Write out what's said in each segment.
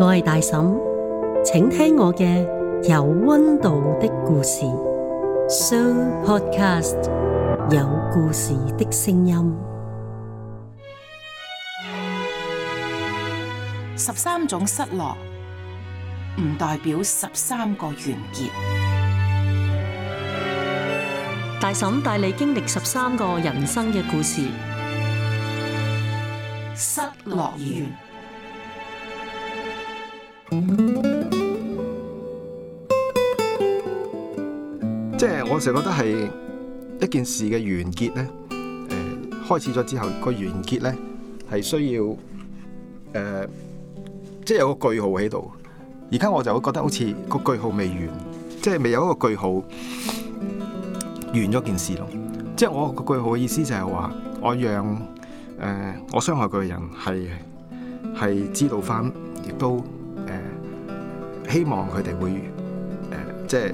我係大嬸，請聽我嘅有温度的故事，Show Podcast，有故事的聲音。十三種失落，唔代表十三個完結，大嬸帶你經歷十三個人生嘅故事，失落而完。即係我成日覺得係一件事嘅完結咧，誒、呃、開始咗之後、那個完結咧係需要誒、呃，即係有個句號喺度。而家我就會覺得好似個句號未完，即係未有一個句號完咗件事咯。即係我個句號嘅意思就係話我讓誒、呃、我傷害佢嘅人係係知道翻，亦都。希望佢哋會、呃、即係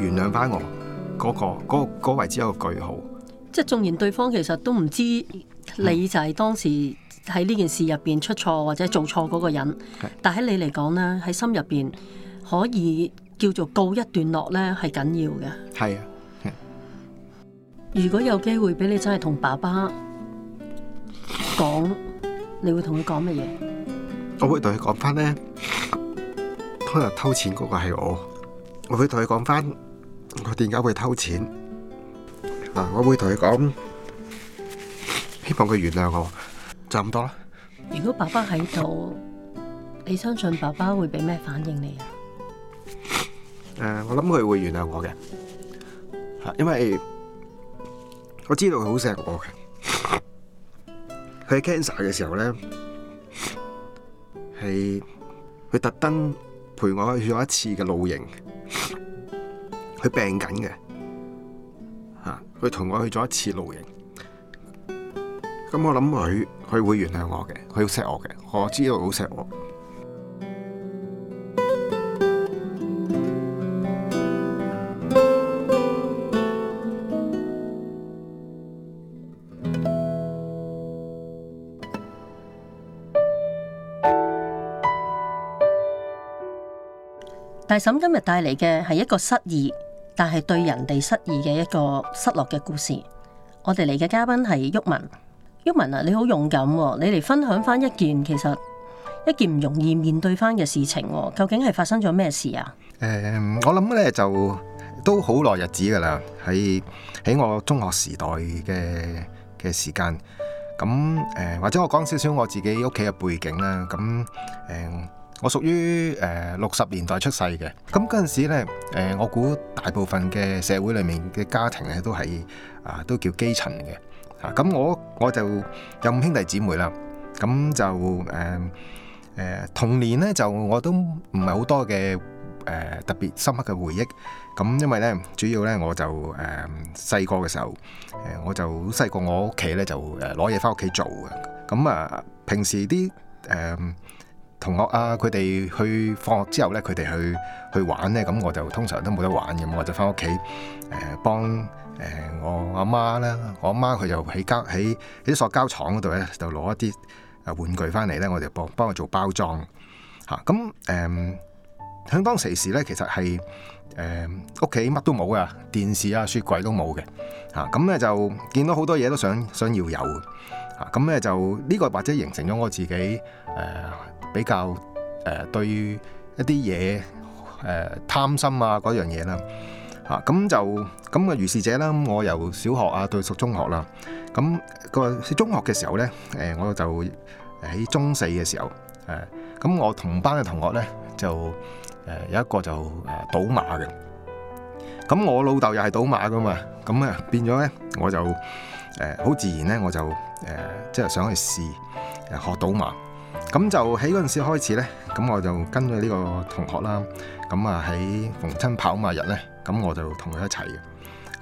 原諒翻我嗰、嗰個位置、嗰個嗰個、有個句號。即係縱然對方其實都唔知你就係當時喺呢件事入邊出錯或者做錯嗰個人，嗯、但喺你嚟講呢喺心入邊可以叫做告一段落呢係緊要嘅。係啊。如果有機會俾你真係同爸爸講，你會同佢講乜嘢？我會同佢講翻呢。可能偷錢嗰個係我，我會同佢講翻我點解會偷錢啊。我會同佢講，希望佢原諒我，就咁多啦。如果爸爸喺度，你相信爸爸會俾咩反應你啊？誒，我諗佢會原諒我嘅，嚇，因為我知道佢好錫我嘅。佢喺 cancer 嘅時候咧，係佢特登。陪我去咗一次嘅露營，佢 病緊嘅，嚇、啊，佢同我去咗一次露營，咁我諗佢佢會原諒我嘅，佢好錫我嘅，我知道佢好錫我。嬸今日帶嚟嘅係一個失意，但係對人哋失意嘅一個失落嘅故事。我哋嚟嘅嘉賓係郁文，郁文啊，你好勇敢、喎，你嚟分享翻一件其實一件唔容易面對翻嘅事情、喎。究竟係發生咗咩事啊？誒、嗯，我諗咧就都好耐日子噶啦，喺喺我中學時代嘅嘅時間。咁、嗯、誒、嗯，或者我講少少我自己屋企嘅背景啦。咁、嗯、誒。嗯我屬於誒六十年代出世嘅，咁嗰陣時咧、呃，我估大部分嘅社會裏面嘅家庭咧都係啊都叫基層嘅，嚇、啊、咁我我就有五兄弟姊妹啦，咁就誒誒、呃呃、童年呢，就我都唔係好多嘅誒、呃、特別深刻嘅回憶，咁、啊、因為呢，主要呢，我就誒細個嘅時候，誒、呃、我就好細個，我屋企呢就誒攞嘢返屋企做嘅，咁啊平時啲誒。呃同學啊，佢哋去放學之後咧，佢哋去去玩咧，咁我就通常都冇得玩嘅，我就翻屋企誒幫誒我阿媽啦。我阿媽佢就喺膠喺喺啲塑膠廠嗰度咧，就攞一啲誒玩具翻嚟咧，我哋幫幫佢做包裝嚇。咁誒喺當時時咧，其實係誒屋企乜都冇啊，電視啊、雪櫃都冇嘅嚇。咁、啊、咧就見到好多嘢都想想要有。啊，咁咧就呢、呢個或者形成咗我自己誒、呃、比較誒、呃、對於一啲嘢誒貪心啊嗰樣嘢啦，啊咁就咁嘅、呃、如是者啦。我由小學啊對到中學啦、啊，咁、咁個中學嘅時候咧，誒、呃、我就喺中四嘅時候，誒、啊、咁我同班嘅同學咧就誒有、呃、一個就誒賭馬嘅，咁我老豆又係賭馬㗎嘛，咁啊變咗咧我就。誒好自然咧，我就誒、呃、即係想去試誒學賭馬，咁就喺嗰陣時開始咧，咁我就跟咗呢個同學啦，咁啊喺逢親跑馬日咧，咁我就同佢一齊嘅，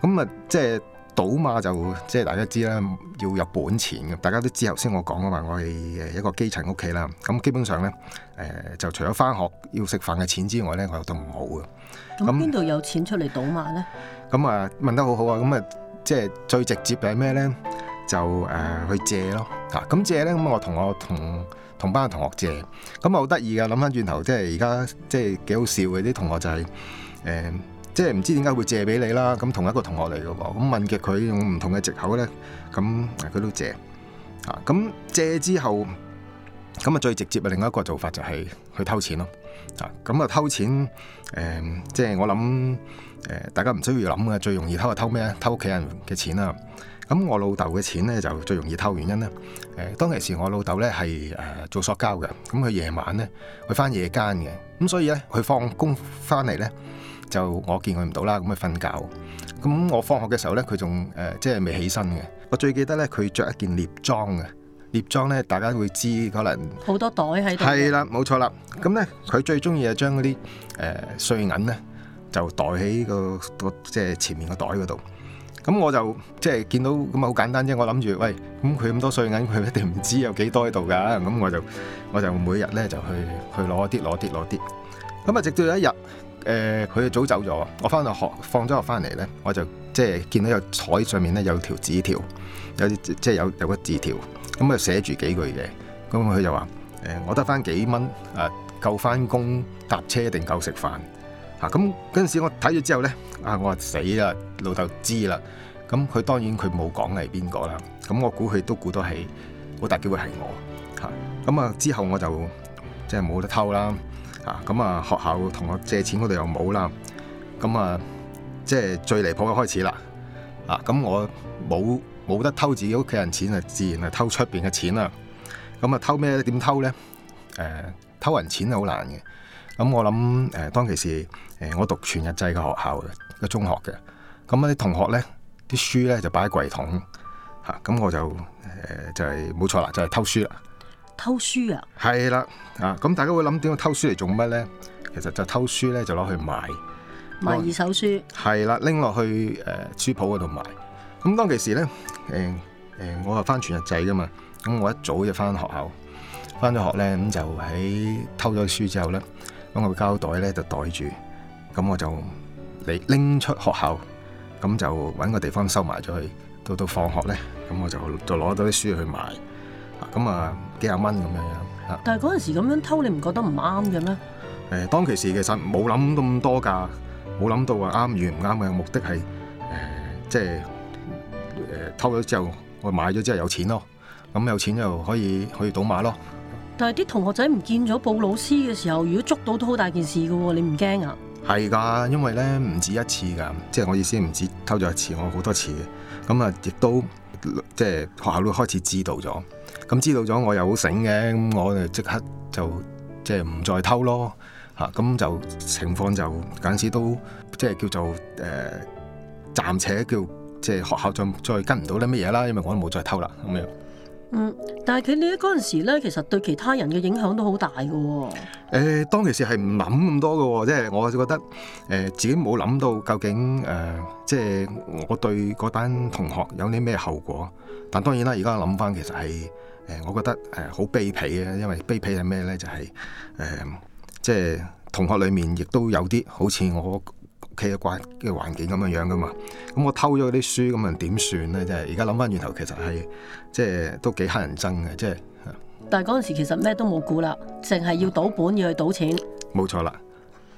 咁啊即係賭馬就即係大家知啦，要入本錢嘅，大家都知，頭先我講啊嘛，我係誒一個基層屋企啦，咁基本上咧誒、呃、就除咗返學要食飯嘅錢之外咧，我都冇嘅。咁邊度有錢出嚟賭馬咧？咁啊問得好好啊，咁啊。即係最直接係咩咧？就誒、呃、去借咯，吓、啊、咁借咧。咁我同我同同班同學借，咁啊，好得意噶。諗翻轉頭，即係而家即係幾好笑嘅，啲同學就係、是、誒、呃，即係唔知點解會借俾你啦。咁同一個同學嚟嘅，咁、嗯、問嘅佢用唔同嘅藉口咧，咁佢都借吓。咁、啊嗯、借之後咁啊，最直接嘅另一個做法就係去偷錢咯。啊，咁啊偷錢，誒、呃，即係我諗，誒、呃，大家唔需要諗嘅，最容易偷係偷咩？偷屋企人嘅錢啦、啊。咁、啊、我老豆嘅錢咧就最容易偷，原因咧，誒、啊，當其時我老豆咧係誒做塑膠嘅，咁佢夜晚咧佢翻夜間嘅，咁所以咧佢放工翻嚟咧就我見佢唔到啦，咁佢瞓覺。咁我放學嘅時候咧佢仲誒即係未起身嘅。我最記得咧佢着一件獵裝嘅。袋裝咧，大家會知可能好多袋喺度係啦，冇錯啦。咁咧，佢最中意就將嗰啲誒碎銀咧就袋喺、嗰個個即係前面個袋嗰度。咁我就即係見到咁啊，好簡單啫。我諗住喂，咁佢咁多碎銀，佢一定唔知有幾多喺度㗎。咁我就我就每日咧就去去攞啲攞啲攞啲。咁啊，直到有一日誒，佢、呃、早走咗，我翻到學放咗學翻嚟咧，我就即係見到有台上面咧有條紙條，有即係有有個字條。咁啊，寫住幾句嘅，咁佢就話：誒，我得翻幾蚊，誒夠翻工搭車定夠食飯。嚇，咁嗰陣時我睇咗之後咧，啊，我話死啦，老豆知啦。咁、啊、佢當然佢冇講係邊個啦。咁、啊、我估佢都估得起，好大機會係我。嚇、啊，咁啊之後我就即係冇得偷啦。嚇、啊，咁啊學校同學借錢嗰度又冇啦。咁啊，即係最離譜嘅開始啦。啊，咁、啊、我冇。冇得偷自己屋企人錢啊，自然係偷出邊嘅錢啦。咁啊，偷咩？點偷咧？誒，偷人錢係好難嘅。咁我諗誒、呃，當其時誒、呃，我讀全日制嘅學校嘅，個中學嘅。咁我啲同學咧，啲書咧就擺喺櫃桶吓。咁、啊、我就誒、呃、就係、是、冇錯啦，就係、是、偷書啦。偷書啊？係啦，啊！咁大家會諗點樣偷書嚟做乜咧？其實就偷書咧，就攞去賣，賣二手書。係啦，拎落去誒書鋪嗰度賣。咁當其時咧，誒、欸、誒、欸，我係翻全日制噶嘛，咁我一早就翻學校，翻咗學咧，咁就喺偷咗書之後咧，揾個膠袋咧就袋住，咁我就嚟拎出學校，咁就揾個地方收埋咗佢。到到放學咧，咁我就就攞多啲書去賣，咁啊幾廿蚊咁樣樣嚇。但係嗰陣時咁樣偷，你唔覺得唔啱嘅咩？誒、欸，當其時其實冇諗咁多㗎，冇諗到話啱與唔啱嘅目的係誒、欸，即係。偷咗之後，我買咗之後有錢咯。咁有錢就可以可以賭馬咯。但係啲同學仔唔見咗布老師嘅時候，如果捉到都好大件事噶，你唔驚啊？係噶，因為咧唔止一次噶，即係我意思唔止偷咗一次，我好多次嘅。咁、嗯、啊，亦都即係學校都開始知道咗。咁、嗯、知道咗，我又好醒嘅，咁我啊即刻就即係唔再偷咯。吓、啊、咁、嗯、就情況就近時都即係叫做誒，暫、呃、且叫。即係學校再再跟唔到啲乜嘢啦，因為我都冇再偷啦咁樣。嗯，但係佢你喺嗰陣時咧，其實對其他人嘅影響都好大嘅、哦。誒、呃，當其時係唔諗咁多嘅，即、就、係、是、我就覺得誒、呃、自己冇諗到究竟誒，即、呃、係、就是、我對嗰班同學有啲咩後果。但當然啦，而家諗翻其實係誒、呃，我覺得誒好卑鄙嘅，因為卑鄙係咩咧？就係、是、誒，即、呃、係、就是、同學裡面亦都有啲好似我。屋企嘅環境咁樣樣噶嘛，咁我偷咗啲書咁啊，點算咧？即係而家諗翻轉頭，其實係即係都幾乞人憎嘅，即係。即但係嗰陣時其實咩都冇估啦，淨係要賭本要去賭錢。冇錯啦，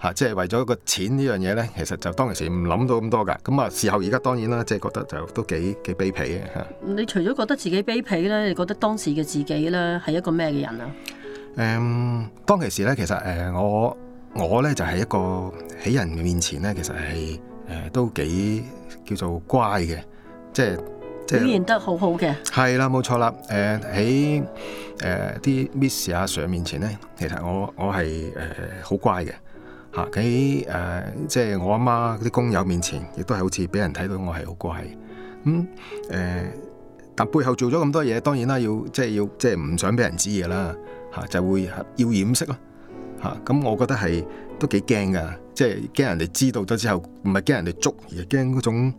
吓即係為咗個錢呢樣嘢咧，其實就當其時唔諗到咁多噶。咁啊事後而家當然啦，即係覺得就都幾幾卑鄙嘅吓。你除咗覺得自己卑鄙咧，你覺得當時嘅自己咧係一個咩嘅人啊？誒、嗯，當其時咧，其實誒、呃、我。我咧就係、是、一個喺人面前咧，其實係誒、呃、都幾叫做乖嘅，即係即係表現得好好嘅。係啦，冇錯啦。誒喺誒啲 Miss 阿 Sir 面前咧，其實我、呃呃、我係誒好乖嘅。吓，喺誒即係我阿媽啲工友面前，亦都係好似俾人睇到我係好乖。咁、嗯、誒、呃，但背後做咗咁多嘢，當然啦，要即係要即係唔想俾人知嘅啦。吓，就會要掩飾咯。嚇！咁、嗯、我覺得係都幾驚㗎，即係驚人哋知道咗之後，唔係驚人哋捉，而係驚嗰種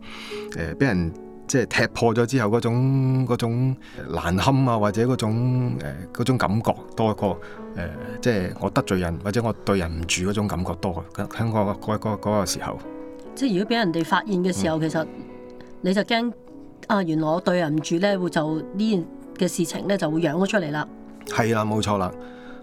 誒俾、呃、人即係踢破咗之後嗰種嗰種難堪啊，或者嗰種誒、呃、感覺多過誒、呃、即係我得罪人或者我對人唔住嗰種感覺多。香港嗰嗰嗰個時候，即係如果俾人哋發現嘅時候，嗯、其實你就驚啊！原來我對人唔住咧，會就呢件嘅事情咧就會養咗出嚟啦。係啊，冇錯啦。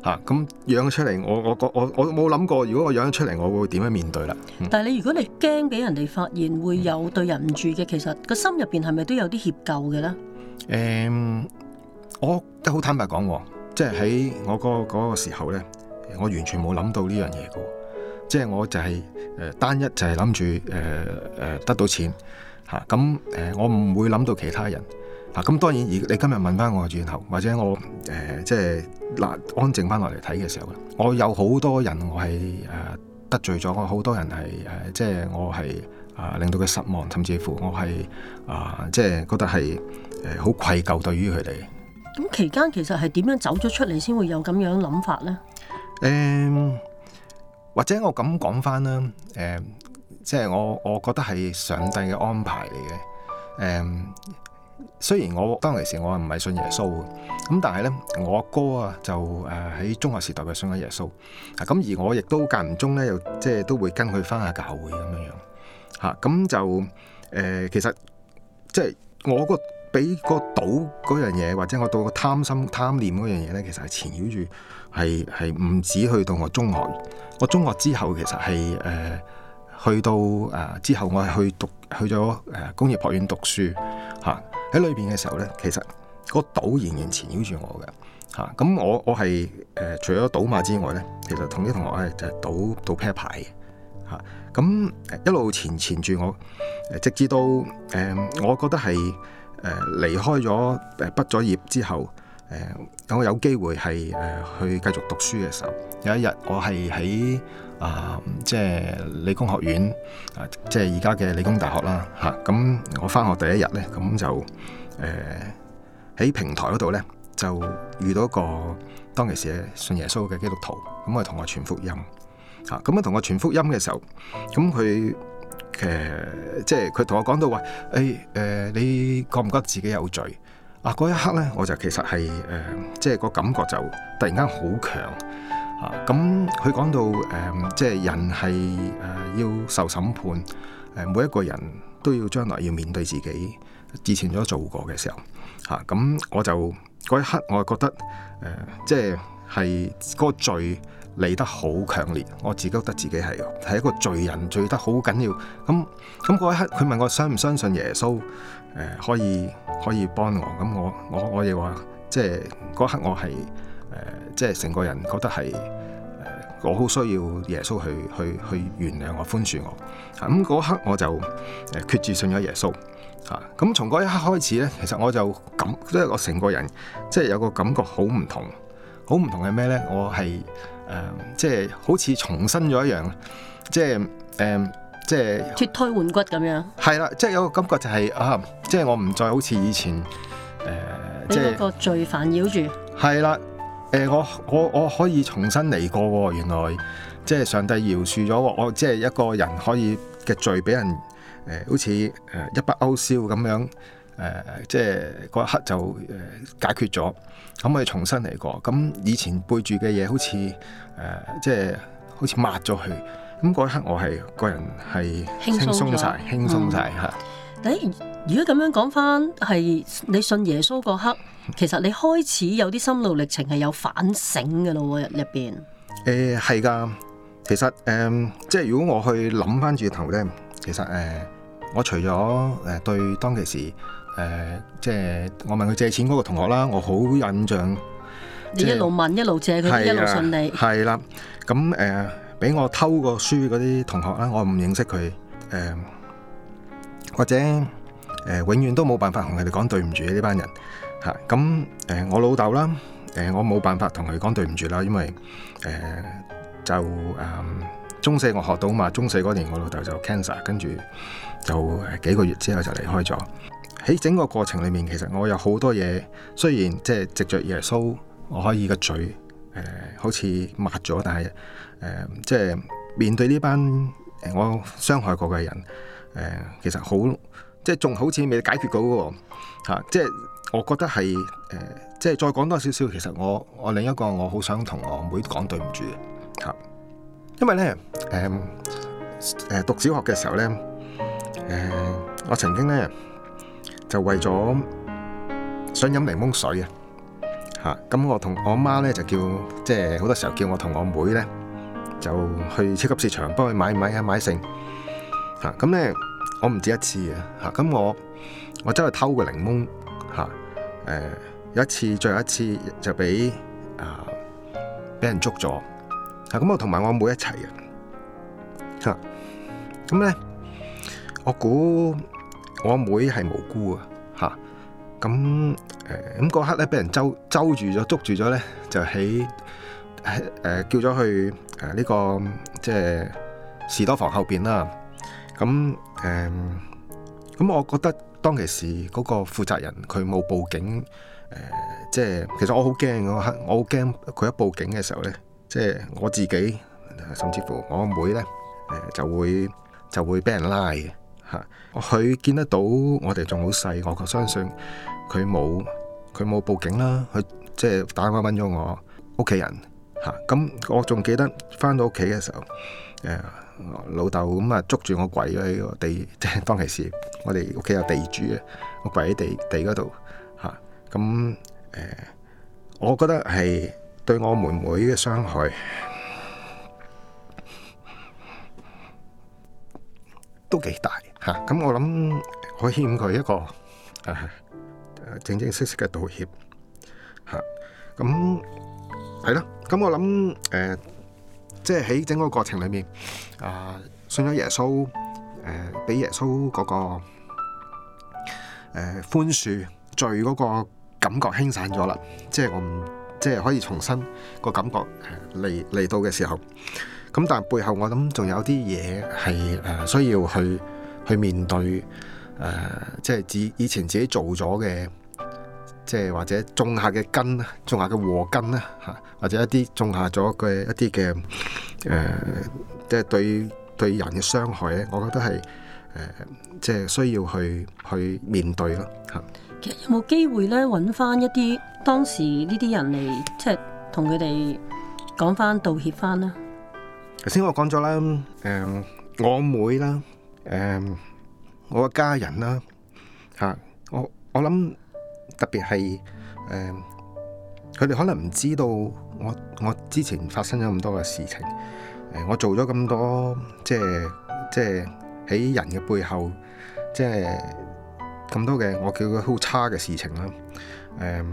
啊！咁養出嚟，我我我我冇諗過，如果我養出嚟，我會點樣面對啦？嗯、但係你如果你驚俾人哋發現會有對人唔住嘅，其實個心入邊係咪都有啲歉疚嘅咧？誒、嗯，我都好坦白講喎，即係喺我嗰、嗰、嗰、個嗰個時候咧，我完全冇諗到呢樣嘢嘅，即係我就係、係、誒、呃、單一就係諗住誒誒得到錢嚇咁誒，我唔會諗到其他人。咁、啊、當然，而你今日問翻我轉頭，或者我誒、呃、即係嗱，安靜翻落嚟睇嘅時候咧，我有好多人我係誒、呃、得罪咗，我好多人係誒、呃，即係我係啊，令到佢失望，甚至乎我係啊，即係覺得係誒好愧疚對於佢哋。咁期間其實係點樣走咗出嚟先會有咁樣諗法咧？誒、呃，或者我咁講翻啦，誒、呃，即係我我覺得係上帝嘅安排嚟嘅，誒、呃。雖然我當其時我唔係信耶穌嘅，咁但係咧我阿哥啊就誒喺中學時代嘅信咗耶穌，咁、啊、而我亦都間唔中咧又即係都會跟佢返下教會咁樣這樣，吓、啊、咁就誒、呃、其實即係、就是、我、那個俾個賭嗰樣嘢，或者我到個貪心貪念嗰樣嘢咧，其實係纏繞住係係唔止去到我中學，我中學之後其實係誒、呃、去到誒、啊、之後我係去讀去咗誒工業學院讀書吓。啊喺裏邊嘅時候咧，其實個賭仍然纏繞住我嘅，吓、啊、咁我我係誒、呃、除咗賭馬之外咧，其實同啲同學係就係賭賭啤牌嘅，吓咁、啊、一路纏纏住我，誒、呃、直至到誒、呃、我覺得係誒離開咗誒畢咗業之後，誒、呃、我有機會係誒、呃、去繼續讀書嘅時候，有一日我係喺。啊，即係理工學院，啊，即係而家嘅理工大學啦，吓、啊、咁我翻學第一日咧，咁就誒喺、呃、平台嗰度咧就遇到一個當其時信耶穌嘅基督徒，咁、啊嗯、我同我傳福音，吓咁啊同、啊、我傳福音嘅時候，咁佢誒即係佢同我講到話，誒、哎、誒、呃、你覺唔覺得自己有罪啊？嗰一刻咧我就其實係誒、呃、即係個感覺就突然間好強。咁佢講到誒、呃，即係人係誒、呃、要受審判，誒、呃、每一個人都要將來要面對自己之前所做過嘅時候，吓、啊、咁我就嗰一刻我係覺得誒、呃，即係係嗰個罪嚟得好強烈，我自己覺得自己係係一個罪人，罪得好緊要。咁咁嗰一刻佢問我相唔相信耶穌誒、呃，可以可以幫我？咁我我我哋話即係嗰一刻我係。誒、呃，即係成個人覺得係，誒、呃，我好需要耶穌去去去原諒我、寬恕我。咁、嗯、嗰刻我就誒決志信咗耶穌。吓、啊，咁從嗰一刻開始咧，其實我就感即係我成個人，即係有個感覺好唔同，好唔同係咩咧？我係誒、呃，即係好似重生咗一樣。即係誒、呃，即係脫胎換骨咁樣。係啦，即係有個感覺就係、是、啊，即係我唔再好似以前誒，即、呃、係被嗰個罪煩擾住。係啦。誒、欸、我我我可以重新嚟過喎、哦，原來即係上帝饒恕咗我，即係一個人可以嘅罪俾人誒、呃，好似誒一筆勾銷咁樣誒，即係嗰一刻就誒解決咗，咁我哋重新嚟過，咁以前背住嘅嘢好似誒即係好似抹咗佢。咁嗰一刻我係個人係輕鬆曬，輕鬆曬嚇。誒、嗯。如果咁樣講翻，係你信耶穌嗰刻，其實你開始有啲心路歷程係有反省嘅咯，入入邊。誒係噶，其實誒、呃，即係如果我去諗翻轉頭咧，其實誒、呃，我除咗誒對當其時誒、呃，即係我問佢借錢嗰個同學啦，我好印象。你一路問是一路借佢的一路信你。係啦，咁誒俾我偷過書嗰啲同學啦，我唔認識佢誒、呃，或者。永遠都冇辦法同佢哋講對唔住，呢班人嚇。咁誒，我老豆啦，誒、呃、我冇辦法同佢講對唔住啦，因為誒、呃、就誒、呃、中四我學到嘛，中四嗰年我老豆就 cancer，跟住就幾個月之後就離開咗。喺整個過程裏面，其實我有好多嘢，雖然即係藉着耶穌，我可以個嘴誒、呃、好似抹咗，但係誒即係面對呢班我傷害過嘅人誒、呃，其實好。即係仲好似未解決到喎，即、啊、係、就是、我覺得係誒，即、呃、係、就是、再講多少少，其實我我另一個我好想同我妹講對唔住嘅嚇，因為咧誒誒讀小學嘅時候咧誒、呃，我曾經咧就為咗想飲檸檬水啊嚇，咁我同我媽咧就叫即係好多時候叫我同我妹咧就去超級市場幫佢買米啊買剩、啊、嚇，咁咧。啊嗯嗯 我唔止一次啊！嚇咁我我真係偷個檸檬嚇誒，有一次，最後一次就俾啊俾人捉咗嚇。咁我同埋我妹，妹一齊嘅嚇咁咧，我估我妹係無辜啊！嚇咁誒咁嗰刻咧，俾人揪周住咗，捉住咗咧，就喺喺、啊呃、叫咗去誒呢、啊這個即、這個這個這個這個、士多房後邊啦。咁、啊啊啊啊啊誒，咁、um, 我覺得當其時嗰個負責人佢冇報警，誒、呃，即係其實我好驚我好驚佢一報警嘅時候咧，即係我自己，甚至乎我阿妹咧，誒、呃、就會就會俾人拉嘅吓。佢、啊、見得到我哋仲好細，我相信佢冇佢冇報警啦，佢即係打電話問咗我屋企人吓。咁、啊、我仲記得翻到屋企嘅時候。誒，老豆咁啊，捉住我跪咗喺個地，即係當其時，我哋屋企有地主啊，我跪喺地地度吓，咁、啊、誒、呃，我覺得係對我妹妹嘅傷害都幾大吓，咁、啊、我諗我欠佢一個誒、啊、正正式式嘅道歉吓，咁係啦，咁我諗誒。呃即係喺整個過程裏面，啊、呃，信咗耶穌，誒、呃，俾耶穌嗰、那個誒寬、呃、恕罪嗰個感覺，輕散咗啦。即係我，即係可以重新、這個感覺嚟嚟到嘅時候，咁但係背後我諗仲有啲嘢係誒需要去去面對誒、呃，即係自以前自己做咗嘅。即係或者種下嘅根啊，種下嘅禍根啦嚇，或者一啲種下咗嘅一啲嘅誒，即係對對人嘅傷害咧，我覺得係誒、呃，即係需要去去面對咯嚇。其實有冇機會咧揾翻一啲當時呢啲人嚟，即係同佢哋講翻道歉翻咧？頭先我講咗啦，誒、呃、我妹啦，誒、呃、我嘅家人啦嚇、呃，我我諗。特別係誒，佢哋、呃可能唔知道我我之前發生咗咁多嘅事情，誒、呃，我做咗咁多即係即係喺人嘅背後，即係咁多嘅我叫佢好差嘅事情啦，誒、呃，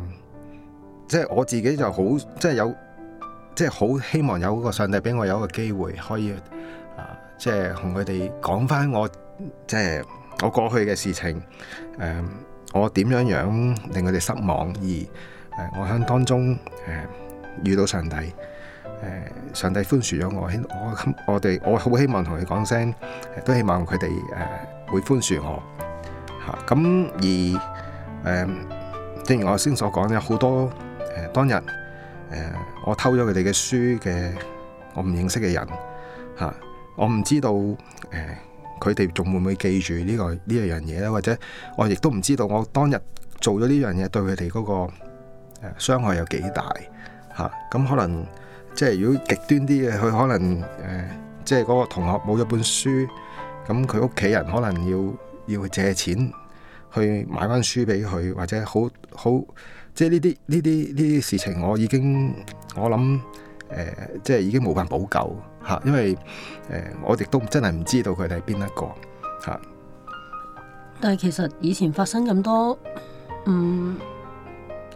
即係我自己就好，即係有，即係好希望有個上帝俾我有一個機會可以啊、呃，即係同佢哋講翻我即係我過去嘅事情，誒、呃。我點樣樣令佢哋失望，而誒，我喺當中誒、呃、遇到上帝，誒、呃，上帝寬恕咗我，我我哋我，我好希望同佢講聲，都希望佢哋誒會寬恕我，吓、啊、咁而誒，正、呃、如我先所講有好多誒、呃、當日誒、呃，我偷咗佢哋嘅書嘅，我唔認識嘅人，吓、啊、我唔知道誒。呃佢哋仲會唔會記住、這個、呢個呢一樣嘢咧？或者我亦都唔知道，我當日做咗呢樣嘢對佢哋嗰個傷害有幾大嚇？咁、啊、可能即係如果極端啲嘅，佢可能誒、呃、即係嗰個同學冇咗本書，咁佢屋企人可能要要借錢去買返書俾佢，或者好好即係呢啲呢啲呢啲事情，我已經我諗。誒、呃，即係已經冇辦法補救吓、啊，因為誒、呃，我哋都真係唔知道佢哋係邊一個吓。啊、但係其實以前發生咁多，嗯，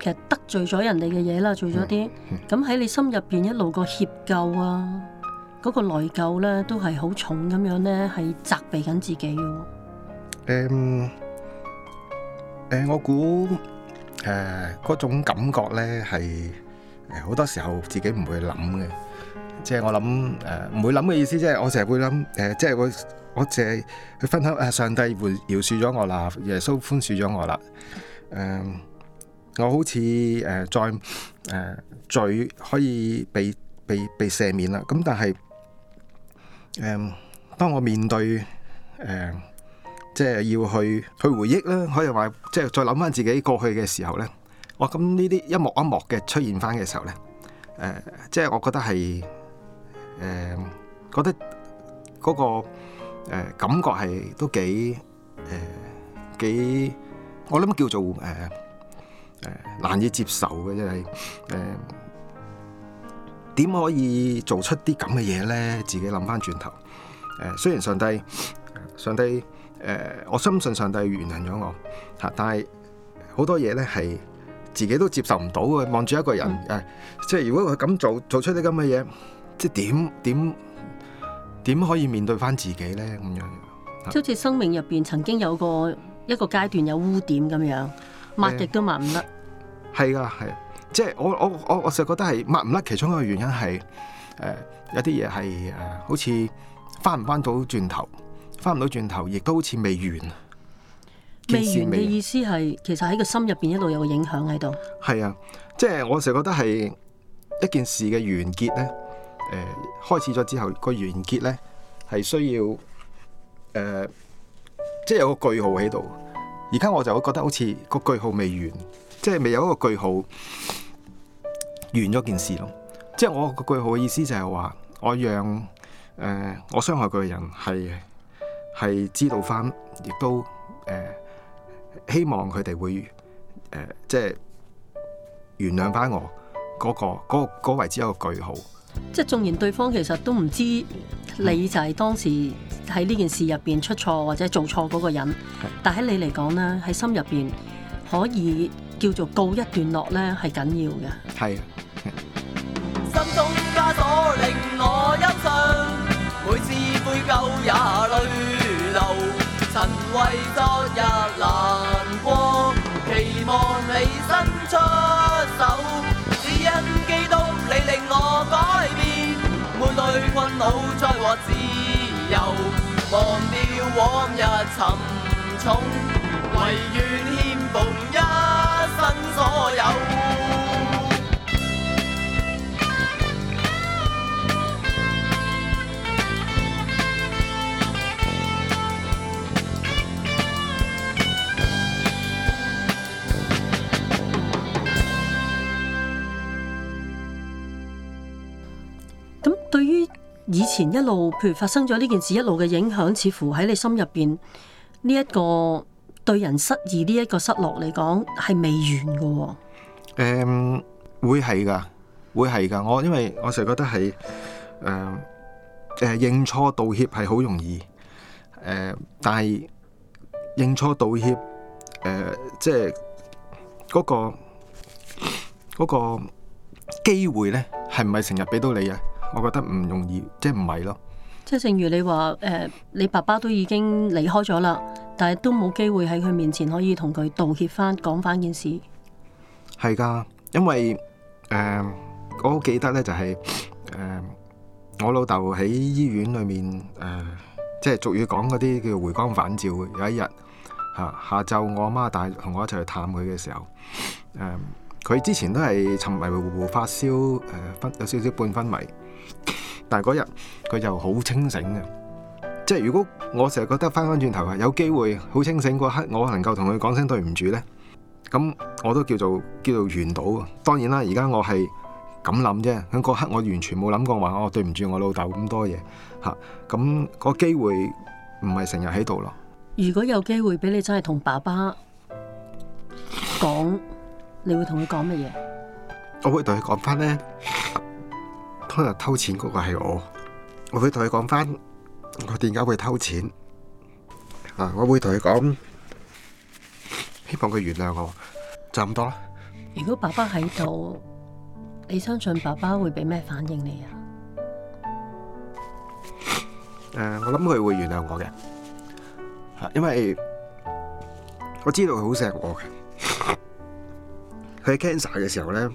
其實得罪咗人哋嘅嘢啦，做咗啲，咁喺、嗯嗯、你心入邊一路個歉疚啊，嗰、那個內疚咧都係好重咁樣咧，係責備緊自己嘅。誒、呃，誒、呃，我估誒嗰種感覺咧係。好多時候自己唔會諗嘅，即、就、係、是、我諗誒唔會諗嘅意思，即、就、係、是、我成日會諗誒，即、呃、係、就是、我我成日去分享誒、啊，上帝會饒恕咗我啦，耶穌寬恕咗我啦，誒、呃、我好似誒再誒罪可以被被被赦免啦，咁但係誒、呃、當我面對誒即係要去去回憶啦，可以話即係再諗翻自己過去嘅時候咧。我咁呢啲一幕一幕嘅出現翻嘅時候咧，誒，即係我覺得係誒，覺得嗰個誒感覺係都幾誒幾，我諗叫做誒誒難以接受嘅，即係誒點可以做出啲咁嘅嘢咧？自己諗翻轉頭，誒，雖然上帝上帝誒，我深信上帝原諒咗我吓，但係好多嘢咧係。自己都接受唔到嘅，望住一個人，誒、嗯哎，即係如果佢咁做，做出啲咁嘅嘢，即係點點點可以面對翻自己咧？咁樣，好似生命入邊曾經有過一個階段有污點咁樣，抹極都抹唔甩。係噶、哎，係，即係我我我我實覺得係抹唔甩，其中一個原因係誒、呃、有啲嘢係誒好似翻唔翻到轉頭，翻唔到轉頭，亦都好似未完。未完嘅意思係，其實喺個心入邊一路有個影響喺度。係啊，即、就、係、是、我成日覺得係一件事嘅完結咧，誒、呃，開始咗之後、個完結咧係需要誒、呃，即係有個句號喺度。而家我就覺得好似個句號未完，即係未有一個句號完咗件事咯。即係我個句號嘅意思就係話，我讓誒、呃、我傷害佢嘅人係係知道翻，亦都誒。呃希望佢哋會、呃、即係原諒翻我嗰、嗰個、嗰個位置有個句號。即係縱然對方其實都唔知你就係當時喺呢件事入邊出錯或者做錯嗰個人，的但喺你嚟講呢，喺心入邊可以叫做告一段落呢係緊要嘅。係。往日沉重，唯願欠奉一生所有。以前一路，譬如發生咗呢件事，一路嘅影響，似乎喺你心入邊，呢一個對人失意呢一個失落嚟講，係未完噶、哦。誒、嗯，會係噶，會係噶。我因為我成日覺得係誒誒，認錯道歉係好容易。誒、呃，但係認錯道歉，誒、呃，即係嗰個嗰個機會咧，係唔係成日俾到你啊？我覺得唔容易，即係唔係咯，即係正如你話誒、呃，你爸爸都已經離開咗啦，但係都冇機會喺佢面前可以同佢道歉返，講返件事。係㗎，因為誒、呃，我好記得咧、就是，就係誒，我老豆喺醫院裏面誒，即、呃、係、就是、俗語講嗰啲叫回光返照。有一日嚇、啊、下晝，我阿媽帶同我一齊去探佢嘅時候，誒、呃，佢之前都係沉迷糊糊發燒，誒、呃、昏有少少半昏迷。但係嗰日佢就好清醒嘅，即係如果我成日覺得翻翻轉頭啊，有機會好清醒嗰刻，我能夠同佢講聲對唔住呢，咁我都叫做叫做圓到。當然啦，而家我係咁諗啫，咁嗰刻我完全冇諗過話、哦、我對唔住我老豆咁多嘢吓，咁個機會唔係成日喺度咯。如果有機會俾你真係同爸爸講，你會同佢講乜嘢？我會同佢講翻呢當日偷錢嗰個係我，我會同佢講翻我點解會偷錢，啊，我會同佢講，希望佢原諒我，就咁多啦。如果爸爸喺度， 你相信爸爸會俾咩反應你啊？誒、呃，我諗佢會原諒我嘅，因為我知道佢好錫我嘅。佢喺 cancer 嘅時候咧，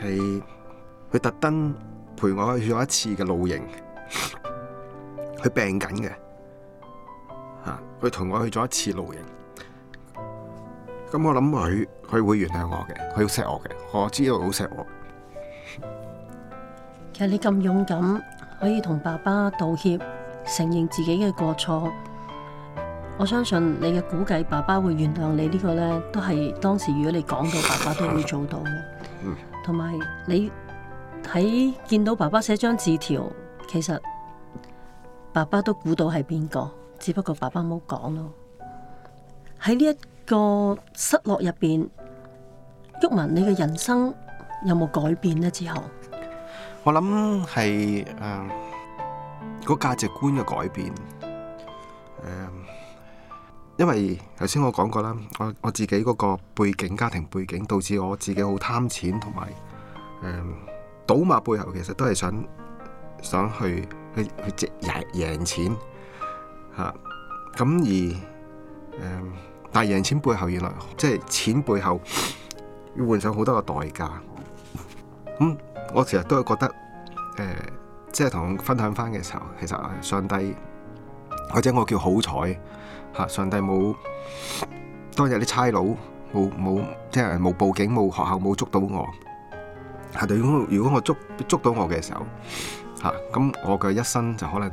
係。佢特登陪我去咗一次嘅露營，佢病緊嘅，吓佢同我去咗一次露營，咁我諗佢佢會原諒我嘅，佢好錫我嘅，我知道好錫我。其實你咁勇敢，可以同爸爸道歉，承認自己嘅過錯，我相信你嘅估計，爸爸會原諒你個呢個咧，都係當時如果你講到爸爸都會做到嘅。同埋、 嗯、你。喺見到爸爸寫張字條，其實爸爸都估到係邊個，只不過爸爸冇講咯。喺呢一個失落入邊，郁文，你嘅人生有冇改變呢？之後我諗係誒個價值觀嘅改變，誒、呃，因為頭先我講過啦，我我自己嗰個背景家庭背景導致我自己好貪錢同埋誒。賭馬背後其實都係想想去去去贏贏錢吓，咁、啊、而誒、嗯，但係贏錢背後原來即係、就是、錢背後要換上好多嘅代價。咁、嗯、我其實都係覺得誒，即係同分享翻嘅時候，其實上帝或者我叫好彩吓，上帝冇當日啲差佬冇冇即係冇報警冇學校冇捉到我。係，如果如果我捉捉到我嘅時候，嚇、啊、咁我嘅一生就可能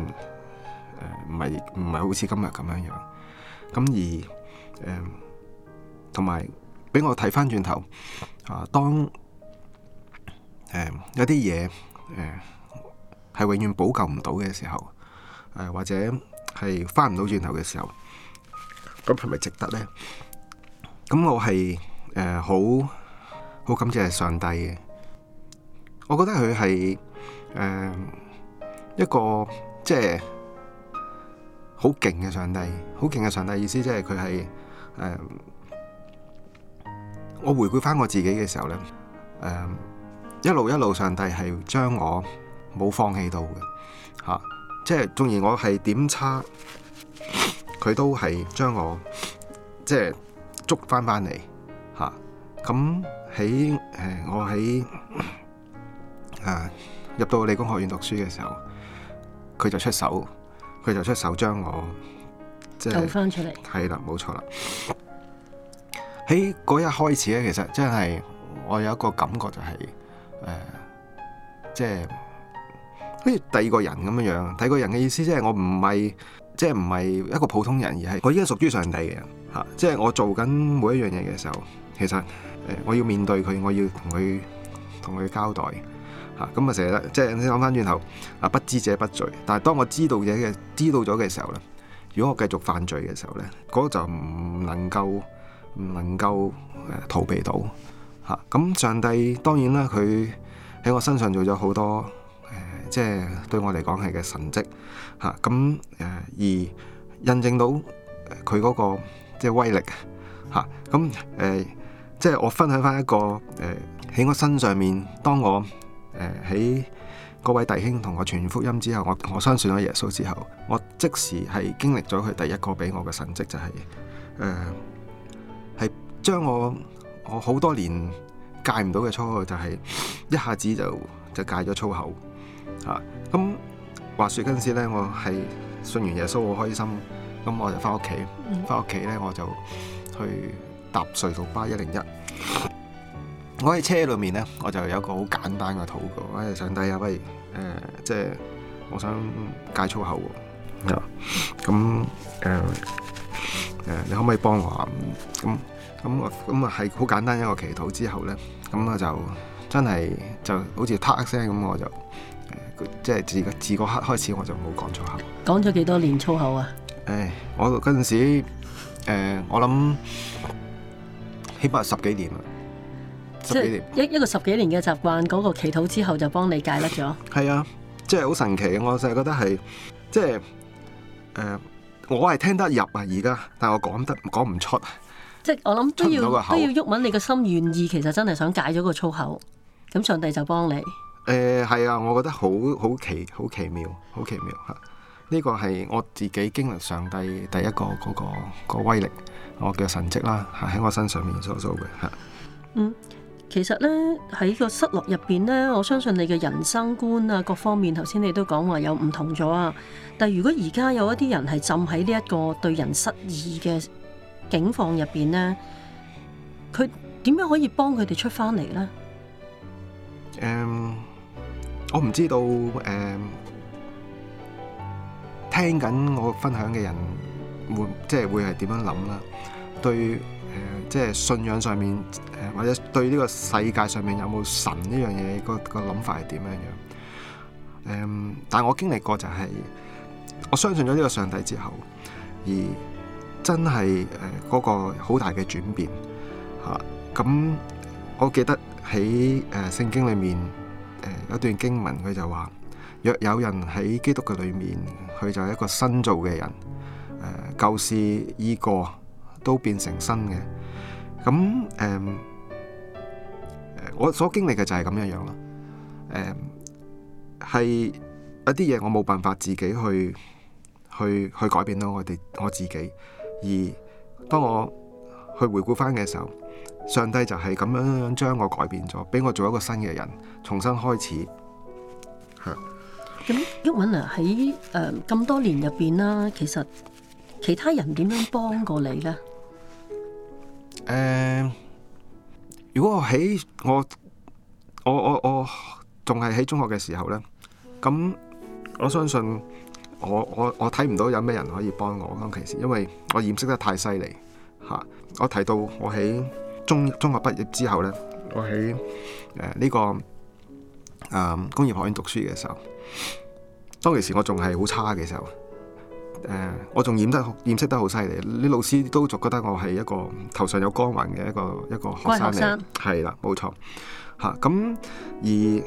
唔係唔係好似今日咁樣樣。咁、嗯、而誒同埋俾我睇翻轉頭，啊當誒、呃、有啲嘢誒係永遠補救唔到嘅時候，誒、呃、或者係翻唔到轉頭嘅時候，咁係咪值得咧？咁我係誒好好感謝上帝嘅。我覺得佢係誒一個即係好勁嘅上帝，好勁嘅上帝。意思即係佢係誒我回顧返我自己嘅時候咧，誒、呃、一路一路上帝係將我冇放棄到嘅嚇、啊，即係縱然我係點差，佢都係將我即係捉返返嚟嚇。咁喺誒我喺。啊！入到理工學院讀書嘅時候，佢就出手，佢就出手將我救翻、即係、出嚟。係啦，冇錯啦。喺嗰一開始咧，其實真係我有一個感覺就係即係好似第二個人咁樣樣。第二個人嘅意思即係我唔係，即係唔係一個普通人，而係我依家屬於上帝嘅人吓。即、啊、係、即係、我做緊每一樣嘢嘅時候，其實誒、呃，我要面對佢，我要同佢同佢交代。嚇咁啊！成日即係諗翻轉頭，啊，不知者不罪，但係當我知道嘢嘅知道咗嘅時候咧，如果我繼續犯罪嘅時候咧，嗰就唔能夠唔能夠誒、呃、逃避到嚇咁。啊、上帝當然啦，佢喺我身上做咗好多誒，即、呃、係、就是、對我嚟講係嘅神跡嚇咁誒，而印證到佢嗰、那個即係、就是、威力嚇咁誒，即、啊、係、呃就是、我分享翻一個誒喺、呃、我身上面，當我。誒，喺嗰、呃、位弟兄同我傳福音之後，我我相信咗耶穌之後，我即時係經歷咗佢第一個俾我嘅神跡，就係誒係將我我好多年戒唔到嘅粗口，就係、是、一下子就就戒咗粗口吓。咁、啊、話說嗰陣時呢，我係信完耶穌好開心，咁我就返屋企，返屋企呢，我就去搭隧道巴一零一，我喺車裏面咧，我就有一個好簡單嘅禱告。我、哎、喺上帝啊，不如、呃、即係我想戒粗口喎。咁誒誒，你可唔可以幫我啊？咁咁咁啊，咁係好簡單一個祈禱之後咧，咁我就真係就好似啪聲咁，我就，就，say, 我就、呃、即係自自嗰刻開始我就冇講粗口。講咗幾多年粗口啊？誒、哎，我嗰陣時、呃、我諗起碼十幾年啦。即一一個十幾年嘅習慣，嗰、那個祈禱之後就幫你戒甩咗。係啊，即係好神奇，我成日覺得係，即係誒、呃，我係聽得入啊，而家，但係我講得講唔出。即係我諗都要都要喐緊你個心願意，其實真係想戒咗個粗口，咁上帝就幫你。誒、呃，係啊，我覺得好好奇，好奇妙，好奇妙吓。呢、啊這個係我自己經歷上帝第一個、那個、那個那個威力，我嘅神蹟啦，喺、啊、我身上面所做嘅吓。啊啊、嗯。其實咧喺個失落入邊咧，我相信你嘅人生觀啊，各方面，頭先你都講話有唔同咗啊。但係如果而家有一啲人係浸喺呢一個對人失意嘅境況入邊咧，佢點樣可以幫佢哋出翻嚟咧？誒、嗯，我唔知道誒、嗯，聽緊我分享嘅人會即係會係點樣諗啦？對誒、呃，即係信仰上面。或者對呢個世界上面有冇神呢、那個、樣嘢？個個諗法係點樣樣？但係我經歷過就係、是、我相信咗呢個上帝之後，而真係誒嗰個好大嘅轉變嚇。咁、啊嗯、我記得喺誒聖經裡面誒一、呃、段經文，佢就話：若有人喺基督嘅裏面，佢就係一個新造嘅人，誒舊事已過，都變成新嘅。咁、嗯、誒。嗯我所經歷嘅就係咁樣樣咯，誒、嗯、係一啲嘢我冇辦法自己去去去改變到我哋我自己。而當我去回顧翻嘅時候，上帝就係咁樣樣將我改變咗，俾我做一個新嘅人，重新開始。咁，旭文、嗯、啊，喺咁、呃、多年入邊啦，其實其他人點樣幫過你呢？嗯如果我喺我我我我仲係喺中學嘅時候呢，咁我相信我我我睇唔到有咩人可以幫我。當其時，因為我掩飾得太犀利嚇。我提到我喺中中學畢業之後呢，我喺呢個、嗯、工業學院讀書嘅時候，當其時我仲係好差嘅時候。誒、呃，我仲掩得掩飾得好犀利，啲老師都就覺得我係一個頭上有光環嘅一個一個學生嚟，係啦，冇錯吓。咁、啊、而誒、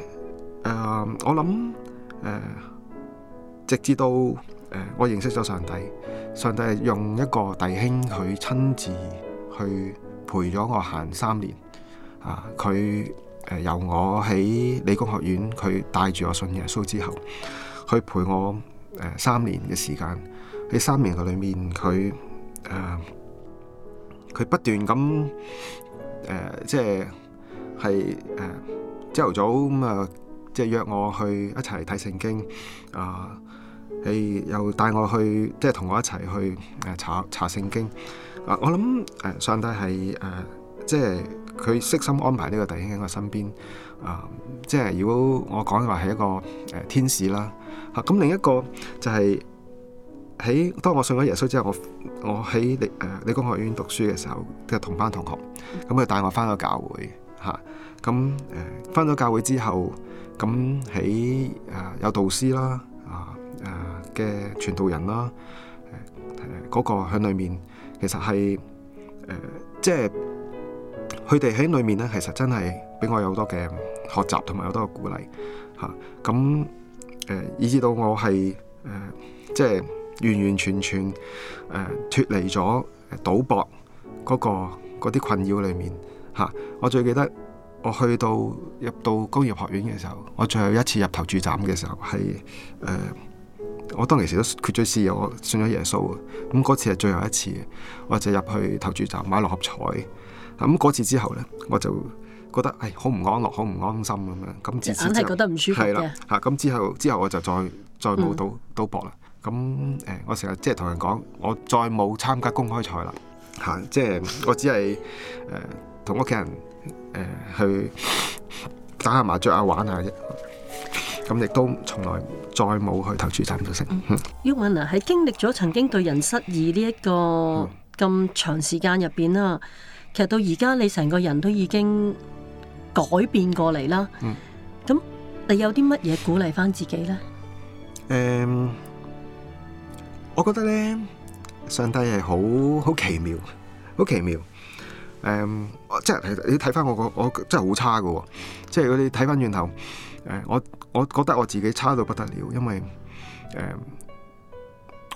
呃，我諗誒、呃，直至到誒、呃，我認識咗上帝，上帝用一個弟兄佢親自去陪咗我行三年啊，佢誒、呃、由我喺理工學院，佢帶住我信耶穌之後，佢陪我誒、呃、三年嘅時間。喺三年內裏面，佢誒，佢、啊、不斷咁誒，即係係誒，朝頭早咁啊，即係、啊啊、約我去一齊睇聖經啊，係又帶我去，即係同我一齊去誒、啊、查查聖經啊。我諗誒，上帝係誒、啊，即係佢悉心安排呢個弟兄喺我身邊啊。即係如果我講嘅話，係一個誒、啊、天使啦。咁、啊、另一個就係、是。喺當我信咗耶穌之後，我我喺理誒、呃、理工學院讀書嘅時候，都係同班同學咁，佢帶我翻咗教會嚇。咁、啊、誒，翻咗、呃、教會之後，咁喺誒有導師啦啊誒嘅傳道人啦誒嗰、呃那個喺裏面，其實係誒、呃、即係佢哋喺裏面咧，其實真係俾我有好多嘅學習同埋好多嘅鼓勵嚇。咁、啊、誒、呃、以至到我係誒、呃、即係。完完全全誒脫離咗賭博嗰個嗰啲困擾裏面嚇、啊，我最記得我去到入到工業學院嘅時候，我最後一次入投注站嘅時候係、啊、我當其時都決咗試，我信咗耶穌，咁嗰次係最後一次，我就入去投注站買六合彩，咁嗰次之後呢，我就覺得唉，好唔安樂，好唔安心咁樣，咁自己覺得唔舒服嘅嚇，咁、啊啊嗯、之後之後我就再再冇賭賭博啦。咁誒，我成日即係同人講，我再冇參加公開賽啦嚇，即係我只係誒同屋企人誒、呃、去打下麻雀啊玩下啫。咁亦都從來再冇去投注站度食。鬱 敏啊，喺經歷咗曾經對人失意呢一個咁長時間入邊啦，其實到而家你成個人都已經改變過嚟啦。咁你有啲乜嘢鼓勵返自己咧？誒、嗯。嗯嗯我覺得咧，上帝係好好奇妙，好奇妙。誒、um, 哦，即係你睇翻我個，我真係好差噶。即係如果你睇翻轉頭，誒，我我覺得我自己差到不得了，因為誒、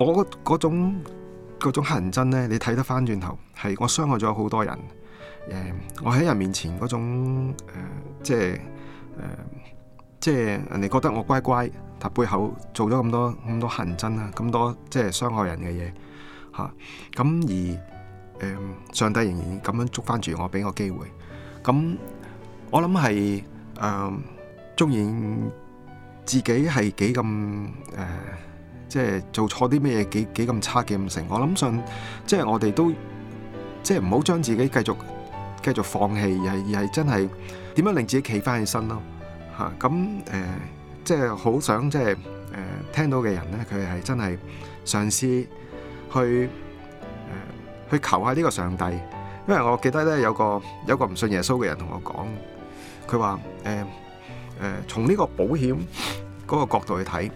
um,，我嗰種嗰種乞人憎咧，你睇得翻轉頭係我傷害咗好多人。誒、um,，我喺人面前嗰種誒、呃，即係誒、呃，即係人哋覺得我乖乖。但背後做咗咁多咁多行真啊，咁多即係傷害人嘅嘢嚇。咁、啊、而誒、呃、上帝仍然咁樣捉翻住我，俾我機會。咁、啊、我諗係誒縱然自己係幾咁誒，即係做錯啲咩嘢，幾幾咁差，幾咁成。我諗信即係我哋都即係唔好將自己繼續繼續放棄，而係而係真係點樣令自己企翻起身咯嚇。咁、啊、誒。啊啊即係好想即係誒、呃、聽到嘅人咧，佢係真係嘗試去誒、呃、去求下呢個上帝。因為我記得咧，有個有個唔信耶穌嘅人同我講，佢話誒誒從呢個保險嗰個角度去睇，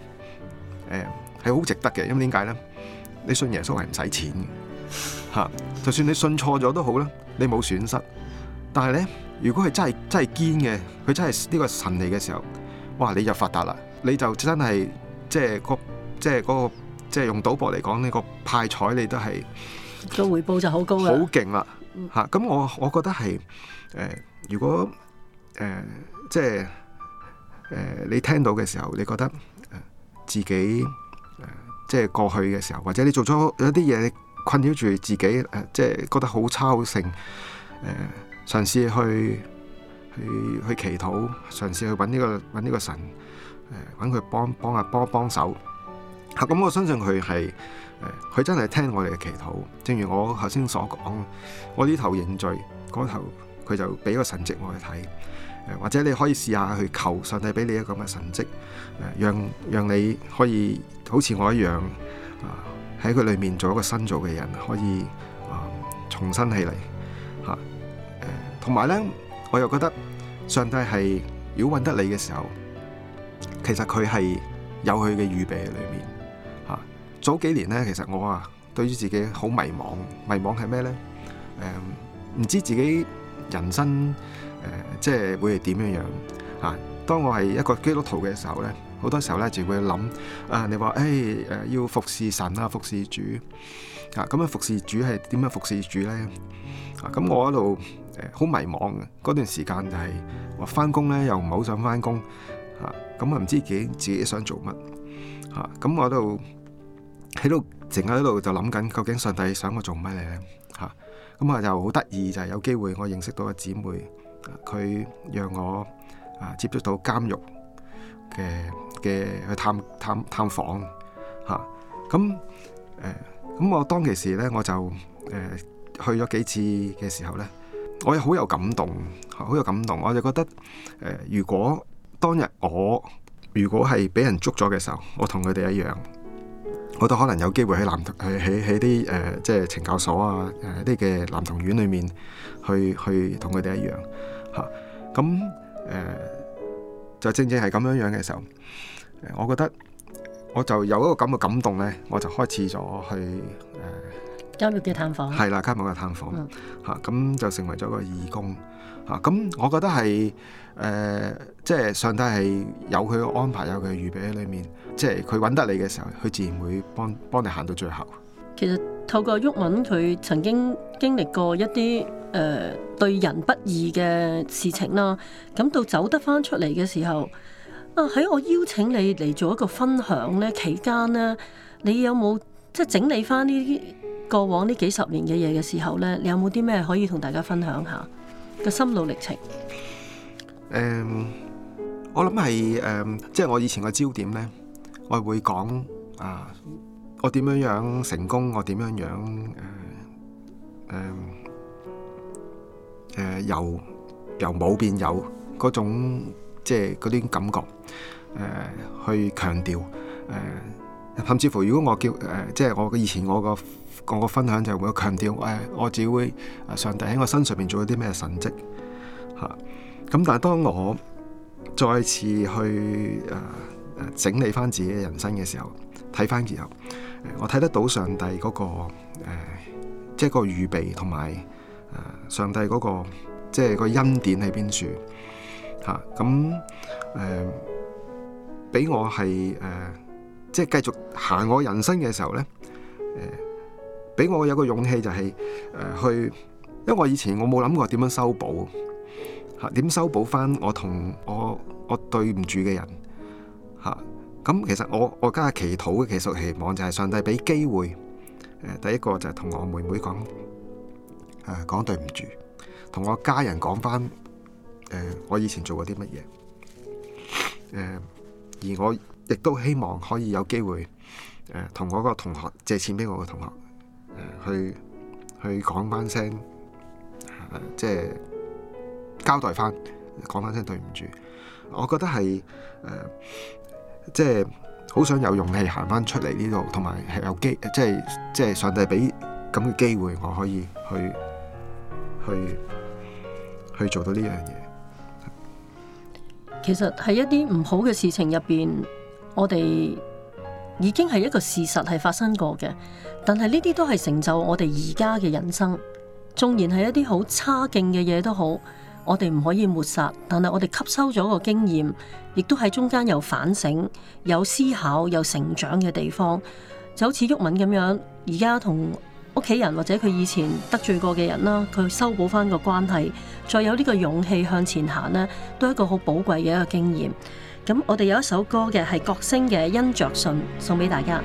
誒係好值得嘅。因為點解咧？你信耶穌係唔使錢嘅吓、啊，就算你信錯咗都好啦，你冇損失。但係咧，如果係真係真係堅嘅，佢真係呢個神嚟嘅時候。哇！你就發達啦，你就真係即係嗰即係嗰個即係用賭博嚟講呢、嗰個派彩，你都係個回報就好高啦，好勁啦嚇！咁、啊、我我覺得係誒、呃，如果誒、呃、即係誒、呃、你聽到嘅時候，你覺得自己、呃、即係過去嘅時候，或者你做咗有啲嘢你困擾住自己誒、呃，即係覺得好差好剩誒，嘗試去。去去祈禱，嘗試去揾呢、這個揾呢個神，誒揾佢幫幫啊幫幫手，吓、啊、咁我相信佢係佢真係聽我哋嘅祈禱，正如我頭先所講，我呢頭認罪嗰頭，佢就俾個神蹟我哋睇、欸，或者你可以試下去求上帝俾你一個咁嘅神蹟，誒、啊、讓讓你可以好似我一樣喺佢、啊、裡面做一個新造嘅人，可以、啊、重新起嚟，同埋呢。我又覺得上帝係如果揾得你嘅時候，其實佢係有佢嘅預備喺裡面。早幾年咧，其實我啊對於自己好迷茫，迷茫係咩呢？唔、呃、知自己人生誒、呃、即係會點樣樣。嚇、啊，當我係一個基督徒嘅時候呢，好多時候呢，就會諗啊，你話誒、哎呃、要服侍神啦、啊，服侍主啊，咁啊服侍主係點樣服侍主呢？啊，咁我一度。好迷茫嘅嗰段時間就係話翻工咧，又唔係好想翻工嚇。咁啊，唔知自己自己想做乜嚇。咁、啊、我度，喺度靜喺度就諗緊，究竟上帝想我做乜咧嚇。咁啊，我就好得意就係、是、有機會我認識到個姊妹，佢讓我啊接觸到監獄嘅嘅去探探探訪嚇。咁誒咁，我當其時咧我就誒、呃、去咗幾次嘅時候咧。我又好有感動，好有感動。我就覺得，呃、如果當日我如果係俾人捉咗嘅時候，我同佢哋一樣，我都可能有機會喺男童喺喺啲誒即係懲教所啊，誒啲嘅男童院裏面去去同佢哋一樣嚇。咁、嗯、誒、呃、就正正係咁樣樣嘅時候、呃，我覺得我就有一個咁嘅感動呢，我就開始咗去、呃監獄嘅探訪係啦，監獄嘅探訪吓，咁、嗯啊、就成為咗個義工吓。咁、啊、我覺得係誒、呃，即係上帝係有佢嘅安排，有佢嘅預備喺裏面。即係佢揾得你嘅時候，佢自然會幫幫你行到最後。其實透過郁文，佢曾經經歷過一啲誒、呃、對人不義嘅事情啦。咁到走得翻出嚟嘅時候啊，喺、哎、我邀請你嚟做一個分享咧期間咧，你有冇即係整理翻呢啲？過往呢幾十年嘅嘢，嘅時候呢，你有冇啲咩可以同大家分享下嘅心路歷程？誒，我諗係誒，即係我以前個焦點呢，我會講啊，我點樣樣成功，我點樣樣誒誒誒，由由冇變有嗰種，即係嗰啲感覺誒，去強調誒，甚至乎如果我叫誒，即係我嘅以前我個。我嘅分享就會強調誒，我只會上帝喺我身上邊做咗啲咩神蹟吓。咁、啊、但係當我再次去誒、啊、整理翻自己嘅人生嘅時候，睇翻之後，啊、我睇得到上帝嗰、那個誒、即、啊、係、就是、個預備同埋、啊、上帝嗰、那個即係、就是、個恩典喺邊處吓。咁誒俾我係誒即係繼續行我人生嘅時候呢。啊」誒。俾我有個勇氣、就係，就、呃、係去，因為我以前我冇諗過點樣修補嚇，點、啊、修補翻我同我我對唔住嘅人嚇。咁、啊啊、其實我我家下祈禱嘅其實期望就係上帝俾機會、啊、第一個就係同我妹妹講誒講對唔住，同我家人講翻、啊、我以前做過啲乜嘢，而我亦都希望可以有機會同、啊、我個同學借錢俾我個同學。去去講翻聲，即係交代翻，講翻聲對唔住，我覺得係誒、啊，即係好想有勇氣行翻出嚟呢度，同埋係有機，即係即係上帝俾咁嘅機會，我可以去去去做到呢樣嘢。其實喺一啲唔好嘅事情入邊，我哋。已經係一個事實係發生過嘅，但係呢啲都係成就我哋而家嘅人生。縱然係一啲好差勁嘅嘢都好，我哋唔可以抹殺，但係我哋吸收咗個經驗，亦都喺中間有反省、有思考、有成長嘅地方。就好似郁文咁樣，而家同屋企人或者佢以前得罪過嘅人啦，佢修補翻個關係，再有呢個勇氣向前行呢，都係一個好寶貴嘅一個經驗。咁我哋有一首歌嘅，係國星嘅《因着信》，送畀大家。